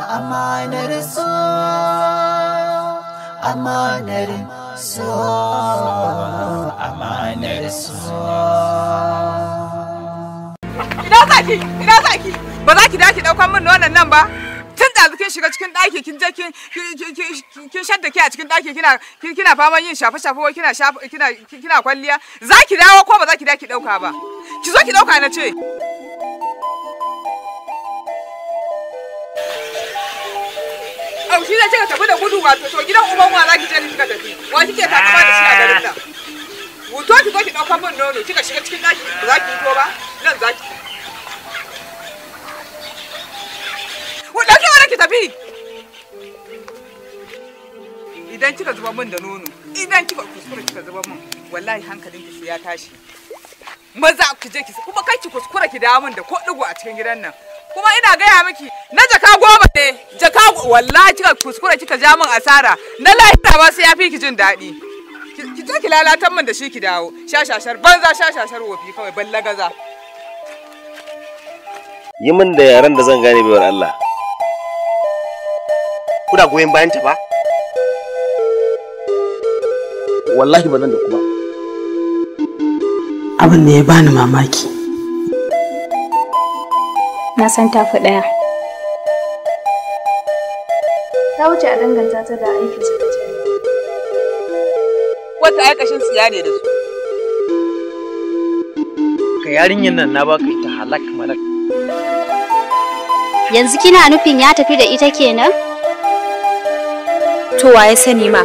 Amanar so, amanar so, amanar Ina zaki, ina ba za ki daki ɗaukan min nonon nan ba. Tun da kin shiga cikin ɗaki kin je kin shadda ke a cikin ɗaki kina kina yin shafe-shafe kina kwalliya. Za ki dawo ko ba za ki ɗauka ba? Ki zo ki ɗauka na ce. au oh, shi zai ce ka tafi da gudu wato to gidan uban wa zaki je ki kika tafi wa kike takama da shi a garin nan wuto ki zo ki dauka min nono kika shiga cikin daki ba za ki fito ba nan za ki ku dauki wani ki tafi idan kika zuba min da nono idan kika kuskura kika zuba min wallahi hankalin ki ya tashi maza ku je ki kuma kai ki kuskura ki dawo min da ko digo a cikin gidan nan kuma ina gaya miki na jaka goma ne jaka wallahi kika kuskure kika ja min asara na lahira ba sai yafi ki jin daɗi ki je ki lalatan min da shi ki dawo shashashar banza shashashar wofi kawai ballagaza yi min da yaran da zan gane baiwar Allah kuna goyon bayan ta ba wallahi ba nan da kuma abin da ya bani mamaki na san tafi ɗaya. Ta wuce a danganta ta da aikin su Wata aikashin su yare da su. Ka yarinyar nan na baka ita halak malak. Yanzu kina nufin ya tafi da ita kenan? To waye sani ma.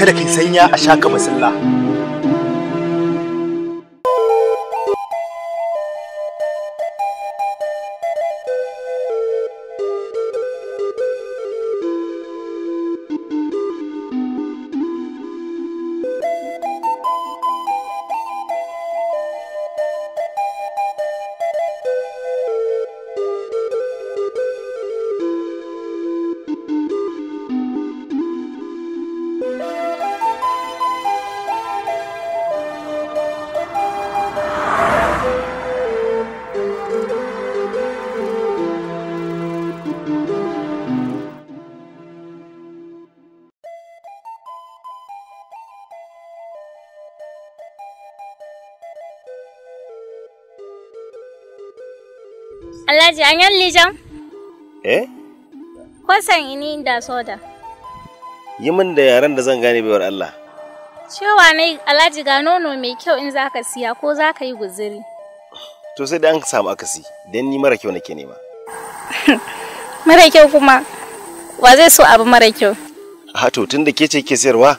Kada ki sanya a shaka masalla. Alhaji an yalli jam? Eh? san ini inda soda. Yi min da yaren da zan gane baiwar Allah. Cewa ne Alhaji ga nono mai kyau in zaka siya ko zaka yi guziri. To sai da an samu akasi, dan ni mara kyau nake nema. mara kyau kuma wa zai so abu mara kyau? Ha to tunda ke ce ke sayarwa,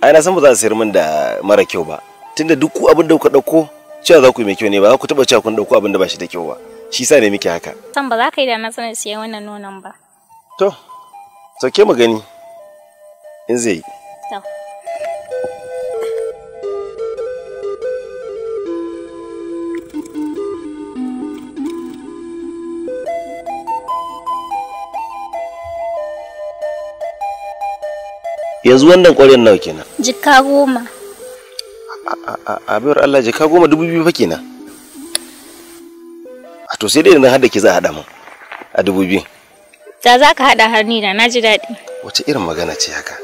ai na san ba za a sayar min da mara kyau ba. Tunda duk abin da kuka dauko, cewa za ku yi mai kyau ne ba, za ku taba cewa kun dauko abin da ba shi da kyau ba. shi sa ne miki haka san ba za ka yi da na sanin siyan wannan nonon ba to sauke mu gani in zai yi yanzu wannan ƙwarin nawa kenan jikka goma a abiyar allah jikka goma dubu biyu fa kenan to sai dai na hada ki za a hada mu a dubu biyu da za ka hada har ni da na ji daɗi wace irin magana ce haka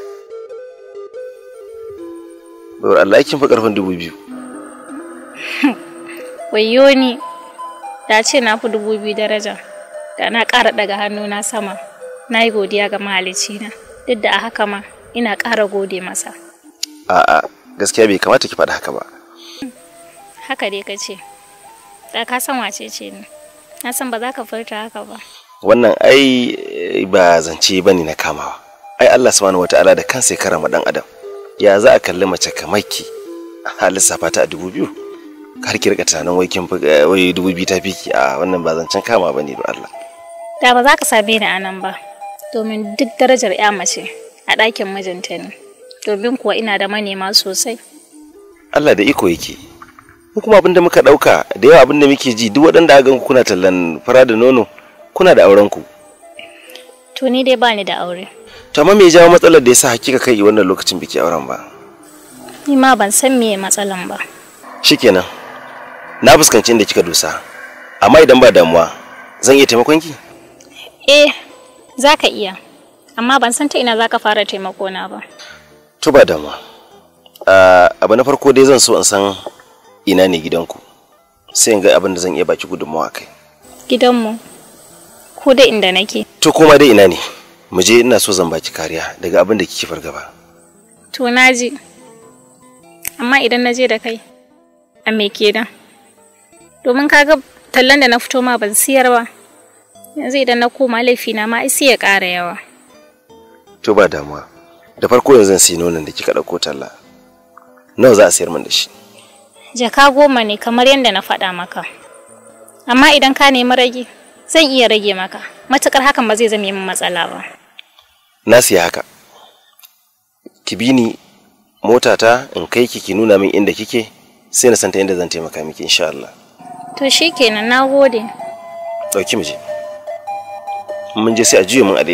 Bawar Allah kin fi karfin dubu biyu wayo ni da ce na fi dubu biyu daraja da na ƙara daga hannu sama na yi godiya ga mahalicina duk da a haka ma ina ƙara gode masa a'a gaskiya bai kamata ki faɗi haka ba haka dai ka ce da ka san wace ce ne na san ba za ka furta haka ba wannan ai eh, ba zance ba ne na kamawa ai Allah subhanahu wata'ala da kansa ya karama dan adam ya za a kalli mace kamar ki a safata a dubu biyu har ki rika tunanin wai kin eh, wai dubu biyu ta fiki a wannan ba zancen kama ba ne don Allah da ba za ka same ni anan ba domin duk darajar ya mace a ɗakin mijinta ne domin kuwa ina da manema sosai Allah da iko yake mu kuma abinda muka dauka da yawa abinda muke ji duk waɗanda a ganku kuna tallan fara da nono kuna da auren ku to ni dai bani da aure to amma me ya jawo matsalar da yasa hakika kai wannan lokacin biki auren ba ni ma ban san me matsalan ba shikenan na fuskanci inda kika dosa amma idan ba damuwa zan iya taimakon ki eh zaka iya amma ban san ta ina zaka fara taimako na ba to ba damuwa ah, abu na farko dai zan so in san ina ne gidanku sai in ga abin da zan iya baki gudunmawa kai gidanmu ko da inda nake to koma dai ina ne mu je ina so zan baki kariya daga abin da kike fargaba to naji amma idan na je da kai a me da. domin kaga tallan da na fito ma ban siyar ba yanzu idan na koma laifina ma ai sai ya ƙara yawa to ba damuwa da farko yanzu zan siyi nonon da kika ɗauko talla nawa za a sayar min da shi jaka goma ne kamar yadda na faɗa maka amma idan ka nemi rage zan iya rage maka matukar hakan ba zai zame min matsala ba na siya haka ki bi ni motata in kai ki ki nuna min inda kike sai na santa inda zan taimaka miki insha Allah to shikenan nagode dauki mu je mun je sai a juye mun a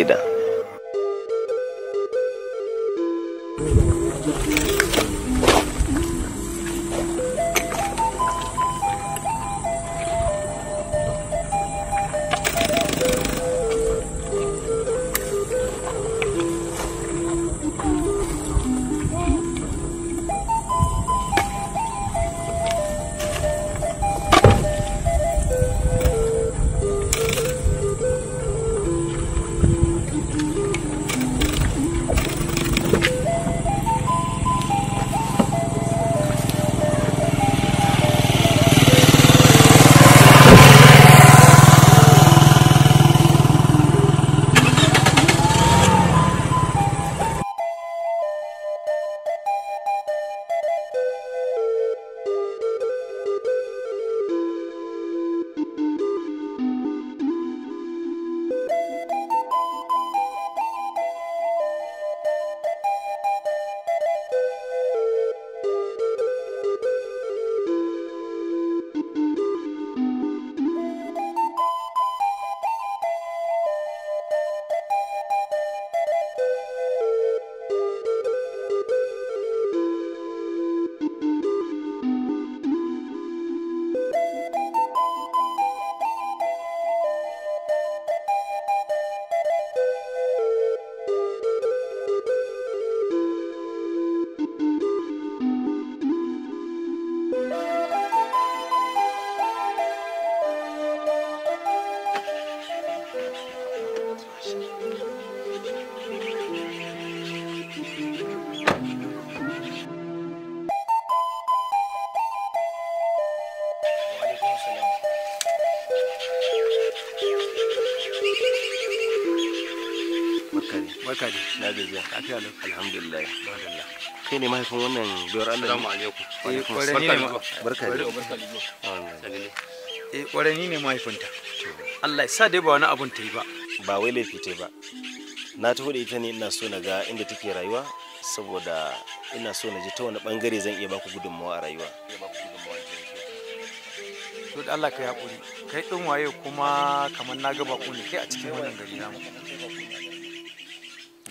barka da na gajiya lafiya lau alhamdulillah kai ne mahaifin wannan Allah alaikum eh, ne barka eh ne mahaifinta Allah ya sa dai ba wani abun ta yi ba ba wai laifi ta yi ba na taho da ita ne ina so na ga inda take rayuwa saboda ina so na ji ta wani bangare zan iya baku gudunmawa a rayuwa to da Allah ka yi hakuri kai din waye kuma kamar na ga bako ne kai a cikin wannan gari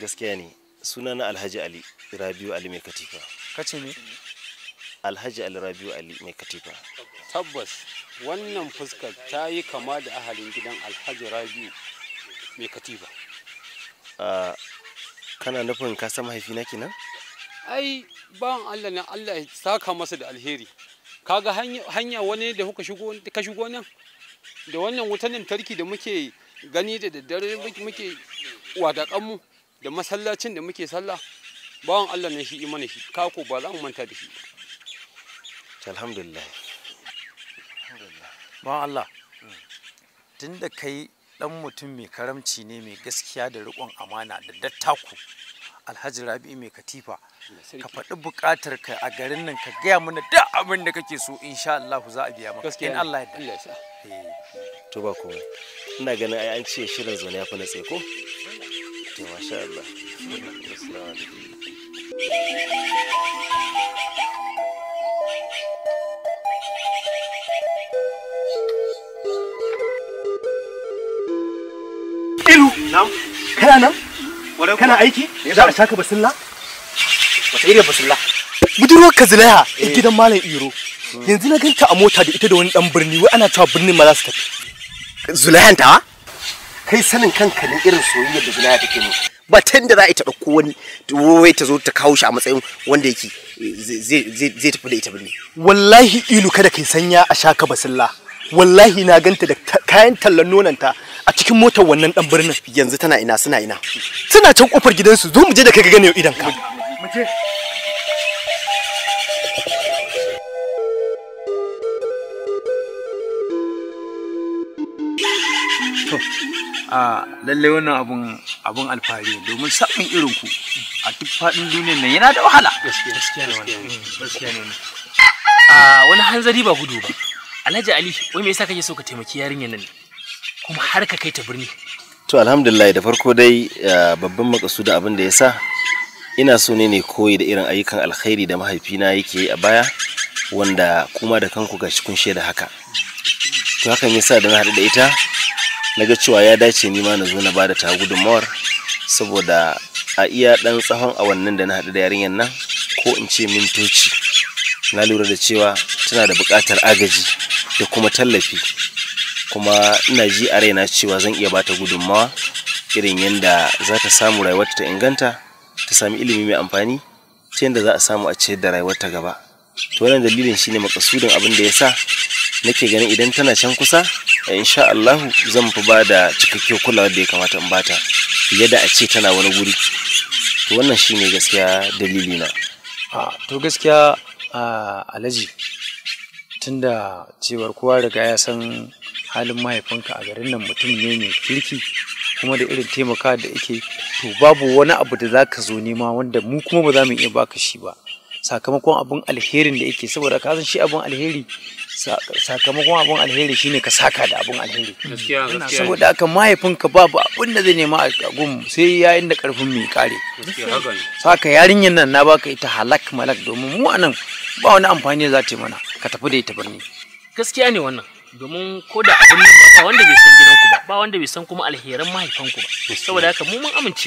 gaskiya ne suna na alhaji ali rabiu ali mai katifa kace ne alhaji ali rabiu ali mai katifa tabbas wannan fuskar ta yi kama da ahalin gidan alhaji rabiu mai katifa kana nufin ka san mahaifina kenan ai ban allah na allah ya saka masa da alheri kaga hanya wani da kuka shigo ka shigo nan da wannan wutan lantarki da muke gani da daddare muke wadakan mu da masallacin da muke sallah bawan Allah ne shi imani shi kako ba za mu manta da shi alhamdulillah bawan Allah tunda kai dan mutum mai karamci ne mai gaskiya da riƙon amana da dattaku alhaji rabi mai katifa ka faɗi buƙatar ka a garin nan ka gaya mana da abin da kake so insha Allah za a biya maka in Allah ya eh. to ba ko ina ganin ai an ce shirin zaune ya fa na ko to masha Allah Ilu, kana nan? Kana aiki? Za a shaka basilla? Wata irin basilla? budurwar ka zulaya eh. a gidan malam iro hmm. yanzu na ganta a mota da ita da wani dan birni wai ana cewa birnin ma za su tafi zulayan tawa kai sanin kanka ne irin soyayya da zinaya take mu ba tan da za a ta ɗauko wani wai ta zo ta kawo shi a matsayin wanda yake zai tafi da ita bane wallahi ilu kada kai sanya a shaka basilla wallahi na ganta da kayan tallan nonanta a cikin motar wannan dan birnin yanzu tana ina suna ina suna can kofar gidansu zo mu je da kai ga ganin idan ka mu je a lallai wannan abun abun alfahari domin samun irin ku a duk faɗin duniyar nan yana da wahala mm, a wani hanzari ba gudu ba alhaji ali wai me yasa kake so ka taimaki yarinyar nan kuma har ka kai ta birni to alhamdulillah da farko dai babban makasuda abin da sa ina so ne ne koyi da irin ayyukan alkhairi da mahaifina yake yi a baya wanda kuma da kanku gashi kun da haka to hakan yasa da na haɗu da ita na ga cewa ya dace ni ma na zo na ba ta gudunmawar saboda a iya ɗan tsawon wannan da na haɗu da yarinyar nan ko in ce mintoci na lura da cewa tana da buƙatar agaji da kuma tallafi kuma ina ji a raina cewa zan iya bata gudunmawa irin yadda za ta samu rayuwarta ta inganta ta sami ilimi mai amfani ta yadda za a samu a ciyar da rayuwarta gaba to wannan dalilin shine makasudin abin da ya sa nake ganin idan tana can kusa eh, insha Allahu zan fi ba da cikakkiyar kulawa da ya kamata in bata fiye da a ce tana wani guri to wannan shine gaskiya dalili na to gaskiya alaji tunda cewar kowa riga ya san halin mahaifinka a garin nan mutum ne mai kirki kuma da irin taimaka da yake to babu wani abu da za ka zo nema wanda mu kuma ba za mu iya baka shi ba sakamakon abun alherin da yake saboda ka san shi abun alheri sakamakon abun alheri shine ka saka da abun alheri saboda haka mahaifinka babu abun da zai nema a gum sai yayin da karfin mai kare saka yarinyar nan na baka ita halak malak domin mu anan ba wani amfani za ta yi mana ka tafi da ita birni gaskiya ne wannan domin ko da abin nan ba wanda bai san gidanku ba ba wanda bai san kuma alheran mahaifanku ba saboda haka mu mun amince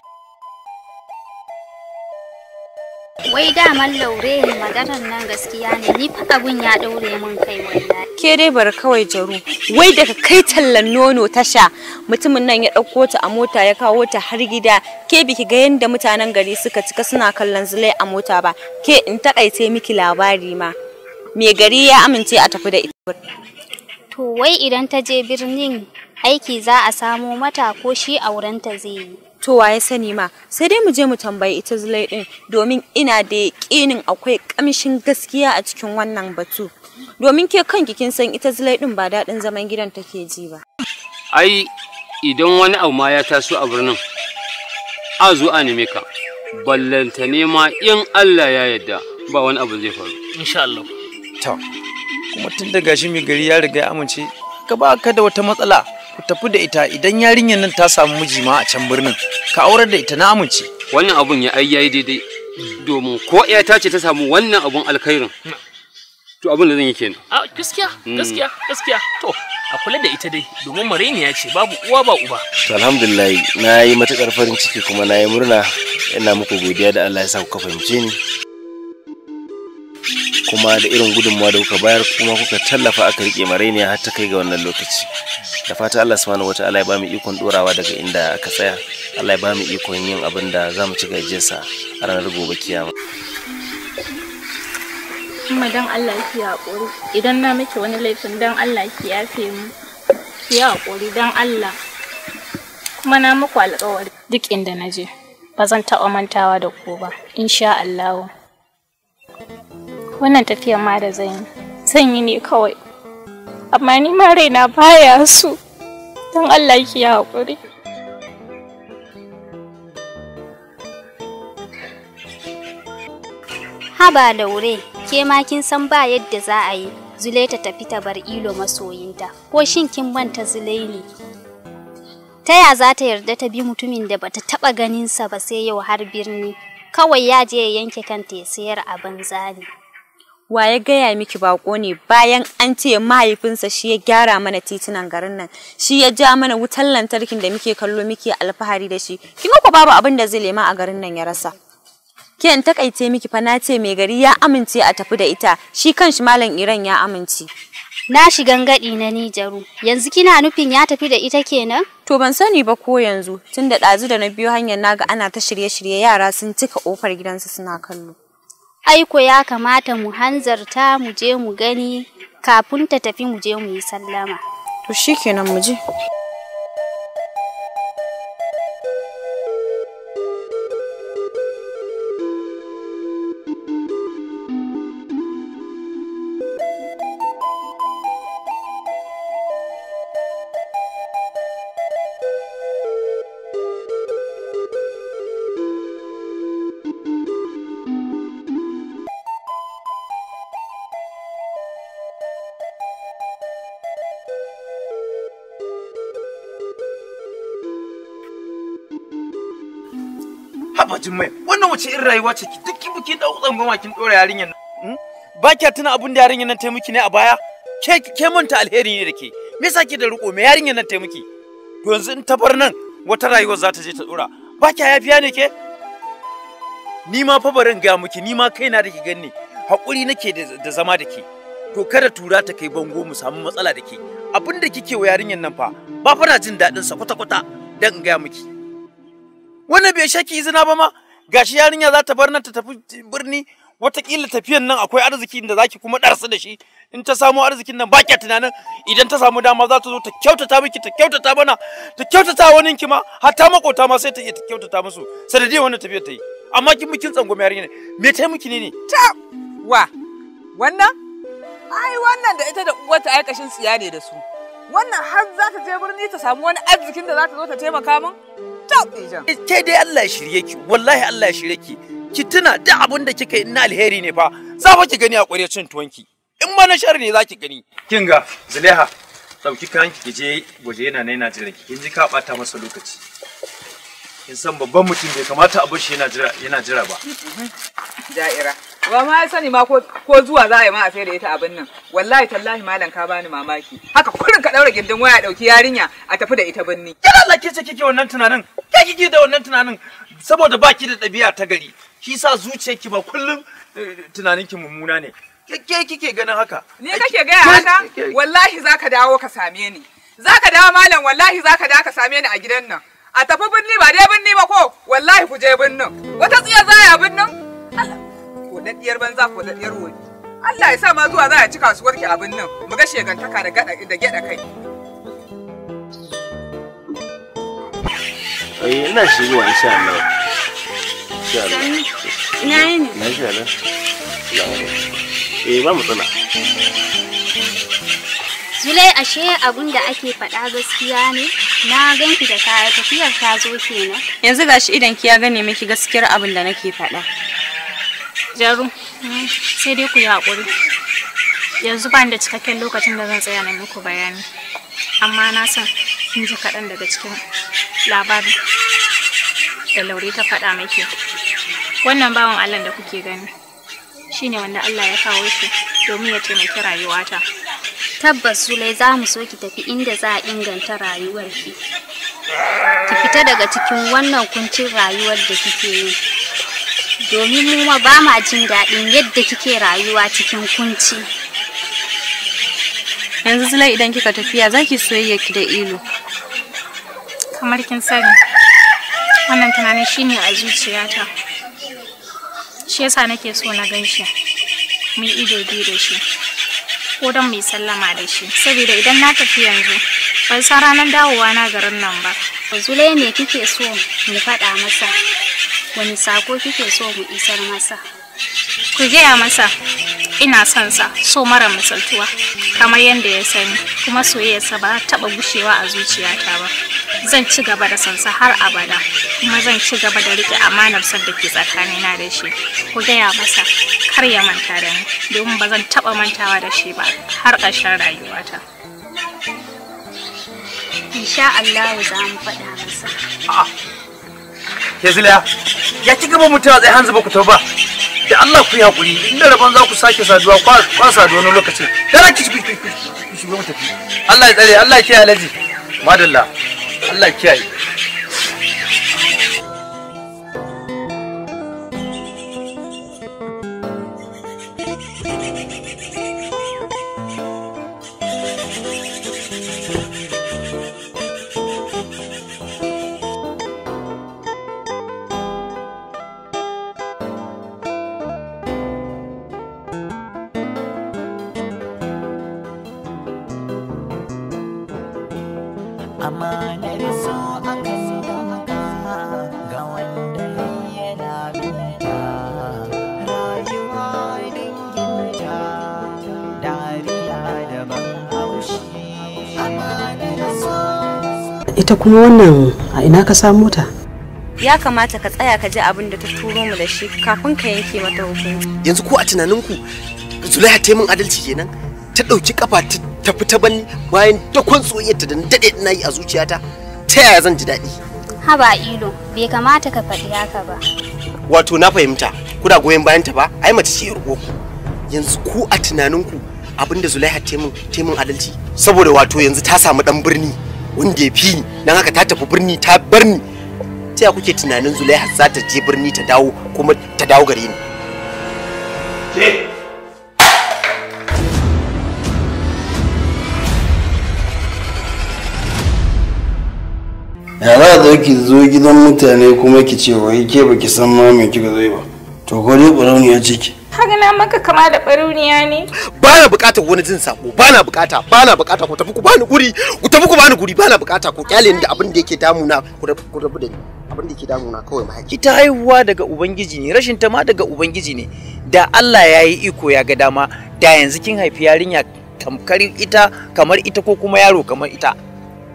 Wai daman laure maganar nan gaskiya ne ni fa abun ya daure mun kai wallahi. Ke dai bar kawai jaru wai daga kai tallan nono tasha mutumin nan ya ɗauko ta a mota ya kawo ta har gida ke biki ga yanda mutanen gari suka cika suna kallon zulai a mota ba ke in takaice miki labari ma. Me gari ya amince a tafi da ita. To wai idan ta je birnin aiki za a samo mata ko shi aurenta zai yi. to wa ya sani ma sai dai mu je mu tambayi ita zulai din domin ina da yakinin akwai kamshin gaskiya a cikin wannan batu domin ke kanki kin san ita zulai din ba daɗin zaman gidan take ji ba ai idan wani abu ma ya taso a birnin a zo a neme ka ballanta ne ma in Allah ya yarda ba wani abu zai faru insha Allah to kuma tun da gashi mai gari ya riga ya amince ka ba ka da wata matsala ku tafi da ita idan yarinyar nan ta samu miji ma a can birnin ka aurar da ita na amince wannan abun ya ai yayi daidai domin ko ta ce ta samu wannan abun alkhairin to abun da zan yi kenan a gaskiya mm. gaskiya gaskiya to a kula da ita dai domin ya ce babu uwa ba uba to alhamdulillah na yi matukar farin ciki kuma na yi murna ina muku godiya da Allah ya sa ku fahimce ni kuma da irin gudunmawa da kuka bayar kuma kuka tallafa aka rike maraini har ta kai ga wannan lokaci da fata Allah subhanahu wataala ya ba mu ikon dorawa daga inda aka tsaya Allah ya ba mu ikon yin abin da za mu ci sa a ranar gobe kiyama kuma dan Allah ki haƙuri idan na miki wani laifin dan Allah ki yafe mu ki haƙuri dan Allah kuma na muku alƙawari duk inda na je ba zan taɓa mantawa da ku ba insha Allah wannan tafiyar ma da zan yi zan yi ne kawai amma ni ma raina baya su, don Allah ki ya haƙuri haba wure ke ma kin san ba yadda za a yi zule ta tafi ta bar ilo masoyinta ko shin kin manta zule ne ta ya za ta yarda ta bi mutumin da bata taba ganinsa ba sai yau har birni kawai ya je ya yanke kanta ya sayar a banza ne wa ya gaya miki bako ne bayan an ce mahaifinsa shi ya gyara mana titunan garin nan shi ya ja mana wutar lantarkin da muke kallo muke alfahari da shi kin ga babu abin da zai lema a garin nan ya rasa kiyan takaice miki fa na ce mai gari ya amince a tafi da ita shi kanshi malam Iran ya amince Na shi gangadi na Nijaru. Yanzu kina nufin ya tafi da ita kenan? To ban sani ba ko yanzu, tunda ɗazu da na biyo hanyar naga ana ta shirye-shirye yara sun cika ofar gidansu suna kallo. aiko ya kamata mu hanzarta mu je mu gani kafin ta tafi mu je mu yi sallama. To shikenan mu je. mai wannan wace irin rayuwa ce ki duk kin da dauko goma kin dora yarinyar nan hmm? ba kya tuna abin da yarinyar nan ta ne a baya ke ke manta alheri ne da ke me yasa ki da riko me yarinyar nan ta miki to yanzu in ta bar nan wata rayuwa za ta je ta dora ba kya yafiya ne ke ni ma fa barin ga miki ni ma kaina da ki ganni hakuri nake da zama da ke to kada tura ta kai bango mu samu matsala da ke abin da kike wa yarinyar nan fa ba fa na jin daɗin sa kwata-kwata dan in gaya miki wannan bai shaki izina ba ma gashi yarinya za ta bar nan ta tafi birni watakila tafiyan nan akwai arzikin da zaki kuma darsu da shi in ta samu arzikin nan ba tunanin idan ta samu dama za ta zo ta kyautata miki ta kyautata mana ta kyautata wani ki ma hatta makota ma sai ta iya ta kyautata musu sanadiyar wannan tafiyar ta yi amma kin mukin tsangwame yarinya me ta miki ne ne ta wa wannan ai wannan da ita da uwarta ai kashin tsiya ne da su wannan har za ta je birni ta samu wani arzikin da za ta zo ta taimaka min Ke dai Allah ya shirye ki, wallahi Allah ya shirye ki. Ki tuna duk abin da kika yi na alheri ne fa, za fa ki gani a ƙwarya cin ki In ma na shari ne za ki gani. Kin ga, Zuleha, ɗauki kayanki ki je waje yana na yana jira ki, kin ji ka ɓata masa lokaci. Kin san babban mutum bai kamata a bar shi yana jira ba. Da'ira. ba ma ya sani ma ko zuwa za a yi ma a sayar da ita abin nan wallahi tallahi malam ka bani mamaki haka kurin ka daura gindin waya dauki yarinya a tafi da ita binni kira Allah ke ce kike wannan tunanin ke kike da wannan tunanin saboda baki da ɗabi'a ta gari shi sa zuciyarki ba kullum eh, tunanin ki mummuna ne ke kike ganin haka ni kake gaya haka wallahi zaka dawo ka same ni zaka dawo malam wallahi zaka dawo ka same ni a gidan nan a tafi binni ba dai binni ba ko wallahi ku je binnin wata tsiya zaya binnin Allah kwaɗaɗɗiyar banza ko daɗiyar wuri. Allah ya sa ma zuwa za a ci kasuwar ki abin nan mu ga shegantaka da gaɗa da gyaɗa kai. Ai eh, ina shigowa insha Allah. Insha Allah. Ina yin. insha Allah. Eh ba mu tsana. Zulai ashe abun da ake faɗa gaskiya ne? Na ganki da kaya tafiyar ta zo kenan. Yanzu gashi idan ki ya gane miki gaskiyar abin da nake faɗa. jaru sai dai ku yi haƙuri yanzu bani da cikakken lokacin da zan tsaya na muku bayani amma na san in ji kaɗan daga cikin labarin da laure ta faɗa miki wannan bawan allah da kuke gani shine wanda allah ya kawo shi domin ya taimaki rayuwata tabbas sulai za mu so ki tafi inda za a inganta rayuwarki ki fita daga cikin wannan kuncin rayuwar da kike yi domin mu ma ba ma jin daɗin yadda kike rayuwa cikin kunci. Yanzu zulai idan kika tafiya za ki soyayya ki da ilo. Kamar kin sani, wannan tunanin shine a zuciyata. Shi yasa nake so na ganshi. shi, mu ido biyu da shi, ko don muyi sallama da shi, saboda idan na tafi yanzu, ban san ranar dawowa na garin nan ba. Zulai ne kike so mu faɗa masa. wani sako kike so mu isar masa ku gaya masa ina son sa so mara misaltuwa kamar yadda ya sani kuma soyayyarsa ba taɓa gushewa a zuciyata ba zan ci gaba da sansa har abada kuma zan ci gaba da riƙe amanar sa da ke tsakanina da shi ku gaya masa kar ya manta da ni domin ba zan taɓa mantawa da shi ba har ƙarshen rayuwata insha Allah za mu faɗa masa ke zila ya ci gaba a tsaye hanzu ba ku tauba da Allah ku yi haƙuri inda rabon za ku sake saduwa kwa saduwa wani lokacin da ki shigo mu tafi Allah ya tsare Allah ya kiyaye alaji madalla Allah ya kiyaye ita kuma wannan a ina ka samu ta ya kamata ka tsaya ka ji abin da ta turo mu da shi kafin ka yanke mata hukunci yanzu ko a tunaninku zulaiha ta yi min adalci kenan ta ɗauki kafa ta tafi ta bani bayan dakon soyayyarta da daɗe ina yi a zuciyata ta yaya zan ji daɗi haba ilo bai kamata ka faɗi haka ba wato na fahimta kuna goyon bayan ta ba ai mace ce yarko yanzu ku a tunaninku abinda zulaiha ta yi min adalci saboda wato yanzu ta samu ɗan birni wanda ya fi dan haka ta tafi birni ta bar ni ta kuke tunanin Zulaiha za ta je birni ta dawo kuma ta dawo gare ni ke ya zo ki zo gidan mutane kuma ki ce wai ke baki san ma me kika zo ba to ko dai ƙwarau ya ciki Kaga maka kama da baruniya ne? Ba na bukatar wani jin sako, ba na bukata, ba na bukata ku tafi ku bani guri, ku tafi ku bani guri, ba na bukata ku kyale da abin da yake damuna ku rabu da ni. Abin da yake damuna kawai mahaifi. Ita haihuwa daga Ubangiji ne, rashin ta ma daga Ubangiji ne. Da Allah ya yi iko ya ga dama, da yanzu kin haifi yarinya tamkar ita kamar ita ko kuma yaro kamar ita.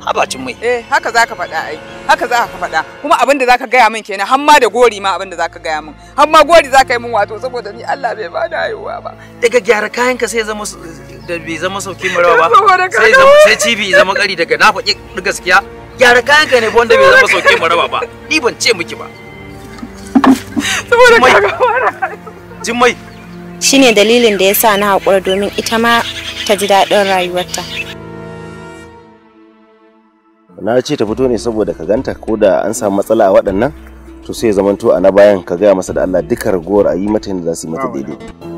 habacin mai eh haka zaka faɗa ai haka za ka faɗa kuma abin da zaka gaya min kenan har ma da gori ma abin da zaka gaya min har ma gori zaka yi min wato saboda ni Allah bai bada haihuwa ba daga gyara kayan ka sai zama da bai zama sauki murawa ba sai zama sai cibi zama kari daga na faɗi gaskiya gyara kayan ka ne ko wanda bai zama sauki murawa ba ni ban ce miki ba saboda ka ga shine dalilin da yasa na haƙura domin ita ma ta ji daɗin rayuwarta na ce ta fito ne saboda ka ganta ko da an samu matsala a waɗannan to sai zamanto a na bayan ka gaya masa da Allah duka ragowar a yi mata yadda za su yi mata daidai